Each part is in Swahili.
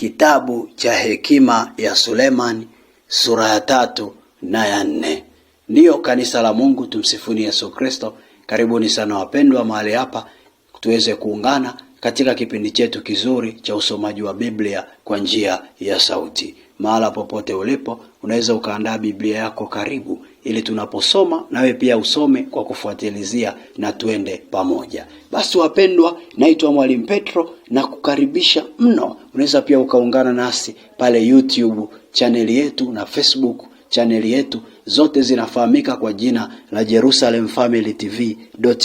Kitabu cha hekima ya Sulemani sura ya tatu na ya nne. Ndiyo kanisa la Mungu, tumsifuni Yesu Kristo. Karibuni sana wapendwa mahali hapa tuweze kuungana katika kipindi chetu kizuri cha usomaji wa Biblia kwa njia ya sauti. Mahala popote ulipo, unaweza ukaandaa Biblia yako, karibu ili tunaposoma nawe pia usome kwa kufuatilizia na tuende pamoja. Basi wapendwa, naitwa Mwalimu Petro na kukaribisha mno. Unaweza pia ukaungana nasi pale YouTube chaneli yetu na Facebook chaneli yetu, zote zinafahamika kwa jina la Jerusalem Family TV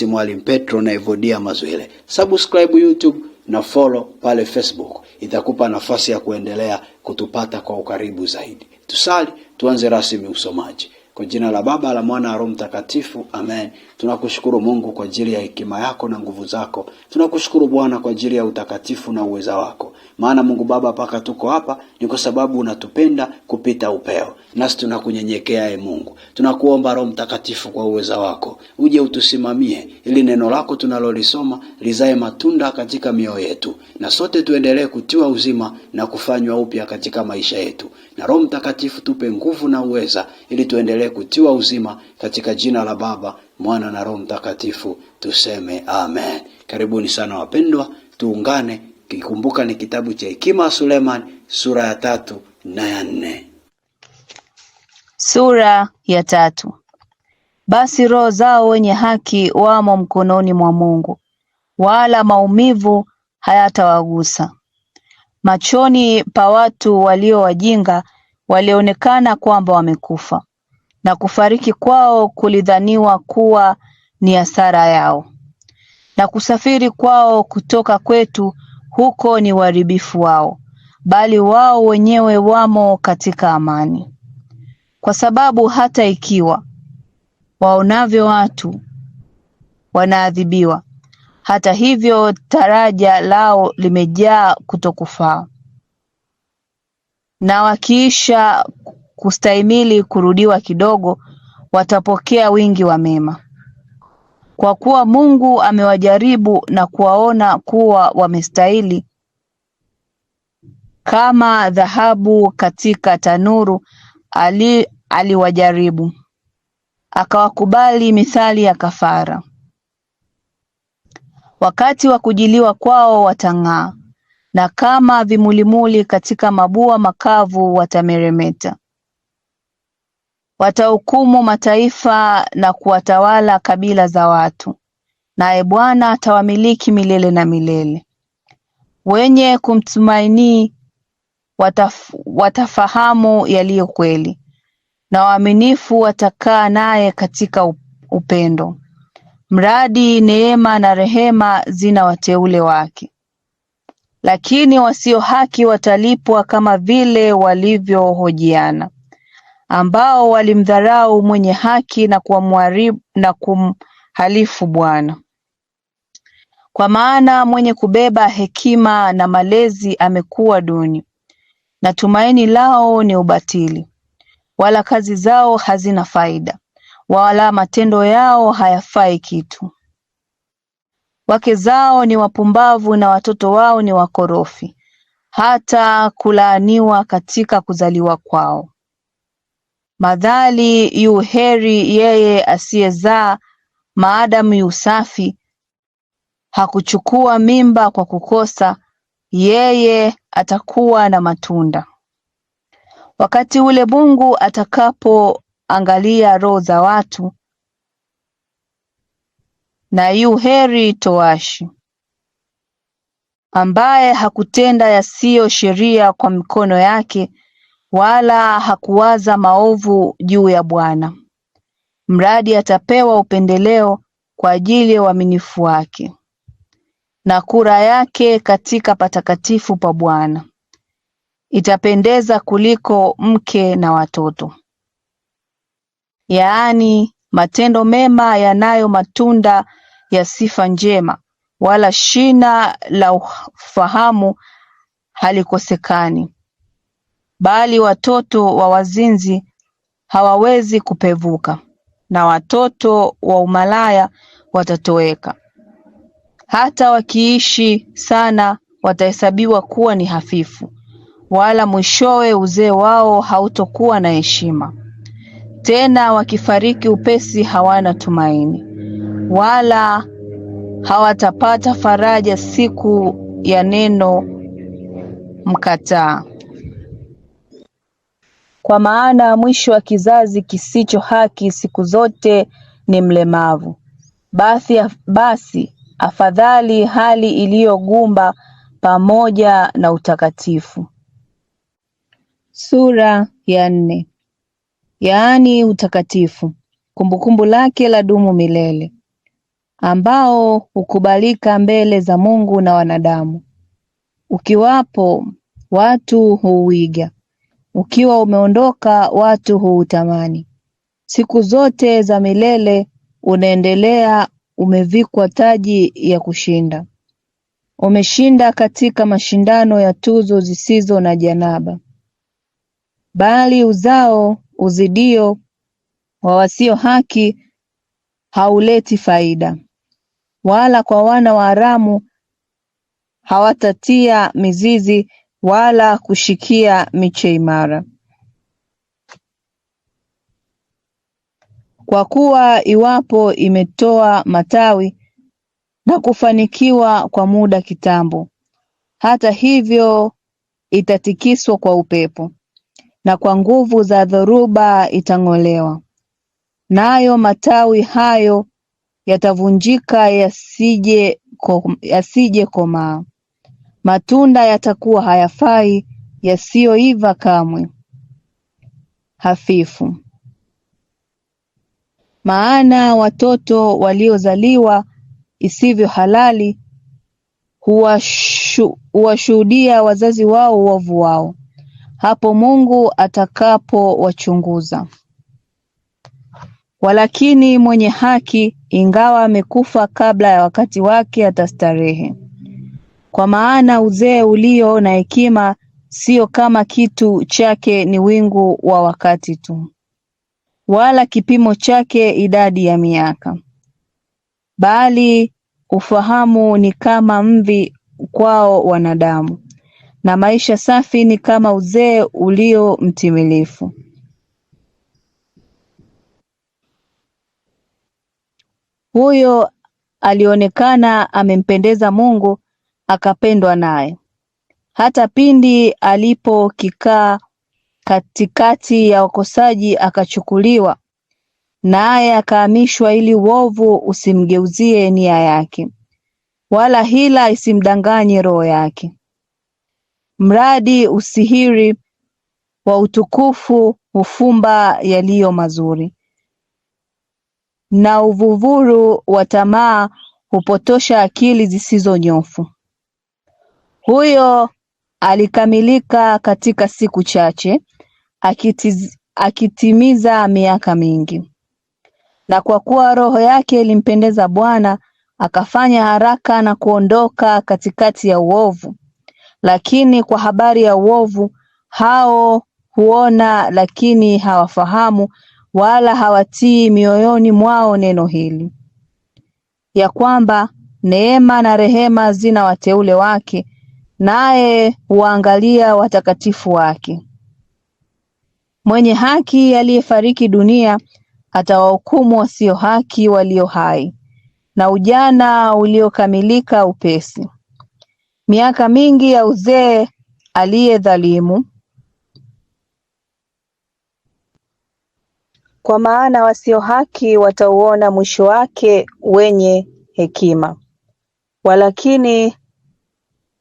Mwalimu Petro na Evodia Mazwile. Subscribe YouTube na follow pale Facebook, itakupa nafasi ya kuendelea kutupata kwa ukaribu zaidi. Tusali tuanze rasmi usomaji. Kwa jina la Baba la Mwana na Roho Mtakatifu, amen. Tunakushukuru Mungu kwa ajili ya hekima yako na nguvu zako. Tunakushukuru Bwana kwa ajili ya utakatifu na uweza wako, maana Mungu Baba, paka tuko hapa ni kwa sababu unatupenda kupita upeo, nasi tunakunyenyekea e Mungu. Tunakuomba Roho Mtakatifu kwa uweza wako uje utusimamie, ili neno lako tunalolisoma lizae matunda katika mioyo yetu, na sote tuendelee kutiwa uzima na kufanywa upya katika maisha yetu. Na Roho Mtakatifu tupe nguvu na uweza ili tuendelee aendelee kutiwa uzima katika jina la Baba, Mwana na Roho Mtakatifu, tuseme amen. Karibuni sana wapendwa, tuungane kikumbuka, ni kitabu cha Hekima ya Suleman sura ya tatu na ya nne. Sura ya tatu. Basi roho zao wenye haki wamo mkononi mwa Mungu, wala maumivu hayatawagusa. Machoni pa watu walio wajinga walionekana kwamba wamekufa, na kufariki kwao kulidhaniwa kuwa ni hasara yao, na kusafiri kwao kutoka kwetu huko ni uharibifu wao, bali wao wenyewe wamo katika amani. Kwa sababu hata ikiwa waonavyo watu wanaadhibiwa, hata hivyo taraja lao limejaa kutokufaa, na wakiisha kustahimili kurudiwa kidogo watapokea wingi wa mema, kwa kuwa Mungu amewajaribu na kuwaona kuwa wamestahili, kama dhahabu katika tanuru ali aliwajaribu akawakubali mithali ya kafara. Wakati wa kujiliwa kwao watang'aa, na kama vimulimuli katika mabua makavu watameremeta watahukumu mataifa na kuwatawala kabila za watu, naye Bwana atawamiliki milele na milele. Wenye kumtumaini wataf, watafahamu yaliyo kweli, na waaminifu watakaa naye katika upendo, mradi neema na rehema zina wateule wake. Lakini wasio haki watalipwa kama vile walivyohojiana ambao walimdharau mwenye haki na kumhalifu Bwana kwa maana mwenye kubeba hekima na malezi amekuwa duni, na tumaini lao ni ubatili, wala kazi zao hazina faida, wala matendo yao hayafai kitu. Wake zao ni wapumbavu na watoto wao ni wakorofi, hata kulaaniwa katika kuzaliwa kwao. Madhali yu heri yeye asiyezaa maadamu yu safi, hakuchukua mimba kwa kukosa, yeye atakuwa na matunda. Wakati ule Mungu atakapoangalia roho za watu, na yu heri toashi ambaye hakutenda yasiyo sheria kwa mikono yake wala hakuwaza maovu juu ya Bwana, mradi atapewa upendeleo kwa ajili ya uaminifu wake, na kura yake katika patakatifu pa Bwana itapendeza kuliko mke na watoto. Yaani matendo mema yanayo matunda ya sifa njema, wala shina la ufahamu halikosekani bali watoto wa wazinzi hawawezi kupevuka, na watoto wa umalaya watatoweka; hata wakiishi sana watahesabiwa kuwa ni hafifu, wala mwishowe uzee wao hautokuwa na heshima. Tena wakifariki upesi hawana tumaini, wala hawatapata faraja siku ya neno mkataa kwa maana mwisho wa kizazi kisicho haki siku zote ni mlemavu. Basi, basi afadhali hali iliyogumba pamoja na utakatifu. Sura ya nne yaani utakatifu, kumbukumbu lake la dumu milele, ambao hukubalika mbele za Mungu na wanadamu. Ukiwapo watu huuiga ukiwa umeondoka watu huutamani, siku zote za milele unaendelea umevikwa taji ya kushinda. Umeshinda katika mashindano ya tuzo zisizo na janaba, bali uzao uzidio wa wasio haki hauleti faida, wala kwa wana wa haramu hawatatia mizizi wala kushikia miche imara, kwa kuwa iwapo imetoa matawi na kufanikiwa kwa muda kitambo, hata hivyo itatikiswa kwa upepo na kwa nguvu za dhoruba itang'olewa, nayo matawi hayo yatavunjika, yasije komaa matunda yatakuwa hayafai yasiyoiva kamwe hafifu. Maana watoto waliozaliwa isivyo halali huwashuhudia wazazi wao uovu wao, hapo Mungu atakapowachunguza. Walakini mwenye haki, ingawa amekufa kabla ya wakati wake, atastarehe. Kwa maana uzee ulio na hekima sio kama kitu chake ni wingu wa wakati tu, wala kipimo chake idadi ya miaka, bali ufahamu ni kama mvi kwao wanadamu, na maisha safi ni kama uzee ulio mtimilifu. Huyo alionekana amempendeza Mungu akapendwa naye hata pindi alipokikaa katikati ya wakosaji akachukuliwa, naye akahamishwa ili uovu usimgeuzie nia yake, wala hila isimdanganye roho yake, mradi usihiri wa utukufu hufumba yaliyo mazuri, na uvuvuru wa tamaa hupotosha akili zisizo nyofu huyo alikamilika katika siku chache akitiz, akitimiza miaka mingi. Na kwa kuwa roho yake ilimpendeza Bwana, akafanya haraka na kuondoka katikati ya uovu. Lakini kwa habari ya uovu hao huona, lakini hawafahamu wala hawatii mioyoni mwao neno hili, ya kwamba neema na rehema zina wateule wake naye huwaangalia watakatifu wake. Mwenye haki aliyefariki dunia atawahukumu wasio haki walio hai, na ujana uliokamilika upesi. Miaka mingi ya uzee aliye dhalimu kwa maana wasio haki watauona mwisho wake wenye hekima, walakini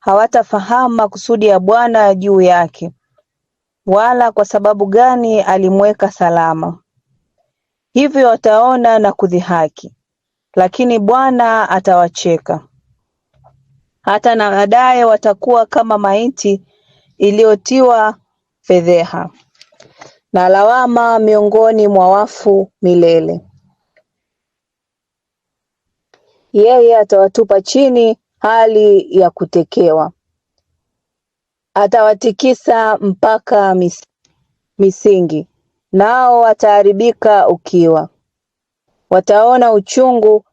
hawatafahamu makusudi ya Bwana juu yake wala kwa sababu gani alimweka salama. Hivyo wataona na kudhihaki, lakini Bwana atawacheka. Hata na baadaye watakuwa kama maiti iliyotiwa fedheha na lawama miongoni mwa wafu milele. Yeye atawatupa chini hali ya kutekewa, atawatikisa mpaka mis, misingi, nao wataharibika ukiwa. Wataona uchungu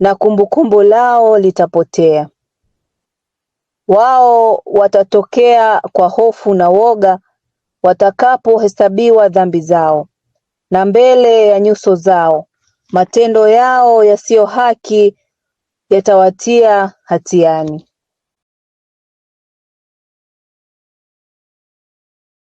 na kumbukumbu lao litapotea. Wao watatokea kwa hofu na woga watakapohesabiwa dhambi zao, na mbele ya nyuso zao matendo yao yasiyo haki yatawatia hatiani